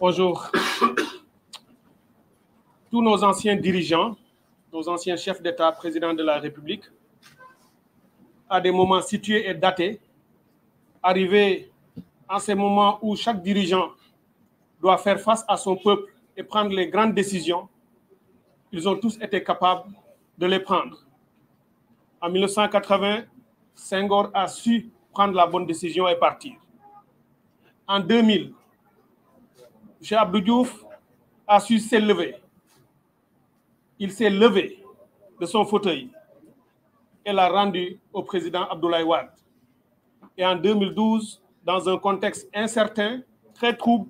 Bonjour. Tous nos anciens dirigeants, nos anciens chefs d'État, présidents de la République, à des moments situés et datés, arrivés en ces moments où chaque dirigeant doit faire face à son peuple et prendre les grandes décisions, ils ont tous été capables de les prendre. En 1980, Senghor a su prendre la bonne décision et partir. En 2000, M. Abdou Diouf a su s'élever. Il s'est levé de son fauteuil et l'a rendu au président Abdoulaye Wade. Et en 2012, dans un contexte incertain, très trouble,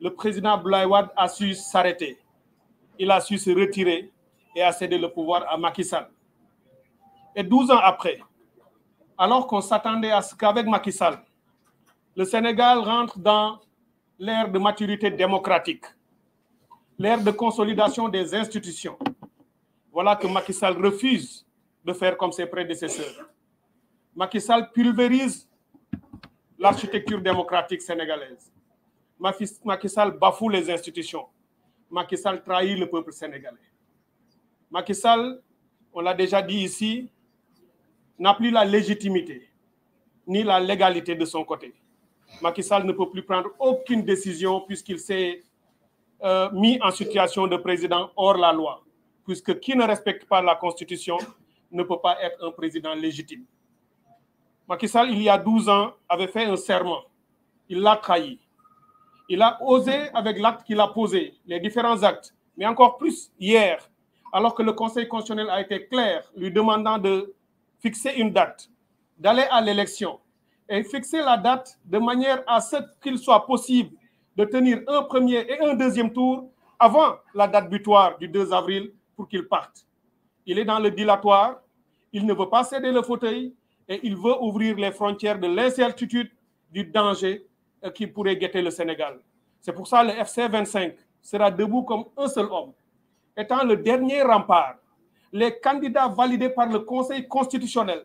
le président Abdoulaye Wade a su s'arrêter. Il a su se retirer et a cédé le pouvoir à Macky Sall. Et 12 ans après, alors qu'on s'attendait à ce qu'avec Macky Sall, le Sénégal rentre dans l'ère de maturité démocratique, l'ère de consolidation des institutions. Voilà que Macky Sall refuse de faire comme ses prédécesseurs. Macky Sall pulvérise l'architecture démocratique sénégalaise. Macky Sall bafoue les institutions. Macky Sall trahit le peuple sénégalais. Macky Sall, on l'a déjà dit ici, n'a plus la légitimité ni la légalité de son côté. Macky Sall ne peut plus prendre aucune décision puisqu'il s'est euh, mis en situation de président hors la loi, puisque qui ne respecte pas la Constitution ne peut pas être un président légitime. Macky Sall, il y a 12 ans, avait fait un serment. Il l'a trahi. Il a osé, avec l'acte qu'il a posé, les différents actes, mais encore plus hier, alors que le Conseil constitutionnel a été clair, lui demandant de fixer une date, d'aller à l'élection, et fixer la date de manière à ce qu'il soit possible de tenir un premier et un deuxième tour avant la date butoir du 2 avril pour qu'il parte. Il est dans le dilatoire, il ne veut pas céder le fauteuil et il veut ouvrir les frontières de l'incertitude, du danger euh, qui pourrait guetter le Sénégal. C'est pour ça que le FC25 sera debout comme un seul homme. Étant le dernier rempart, les candidats validés par le Conseil constitutionnel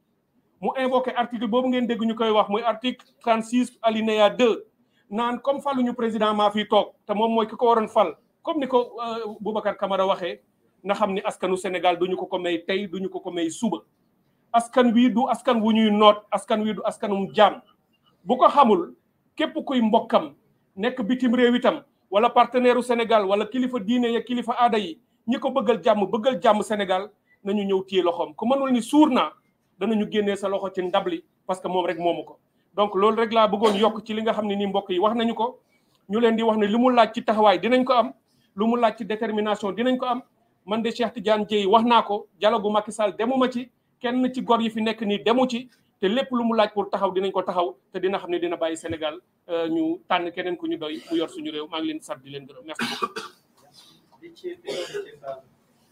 mu invoqué article boobu ngeen dégg ñu koy wax muy article 36 alinéa 2 naan comme ñu président maa fi toog te moom mooy ki ko waroon fal comme ni ko kamar euh, a waxee na xam ni askanu Sénégal duñu ko ko may tey duñu ko ko may suba askan wi du askan wu ñuy noot askan wi du askanum jaam bu ko xamul képp kuy mbokkam nekk bitim réew itam wala partenaire Sénégal wala kilifa diine ya kilifa aada yi ñi ko bëggal jàmm bëggal jàmm Sénégal nañu ñëw téye loxoom ku ni suur naa danañu génnee sa loxo ci ndab li parce que moom rek moomu ko donc loolu rek laa bëggoon yokk ci li nga xam ne ni mbokk yi wax nañu ko ñu leen di wax ne lu mu laaj ci taxawaay dinañ ko am lu mu laaj ci détermination dinañ ko am man de Cheikh Tidiane Dièye wax naa ko dialogue gu Macky Sall demu ma ci kenn ci gor yi fi nekk nii demu ci te lépp lu mu laaj pour taxaw dinañ ko taxaw te dina xam ne dina bàyyi Sénégal ñu tànn keneen ku ñu doy mu yor suñu réew maa ngi leen di di leen gërëm merci beaucoup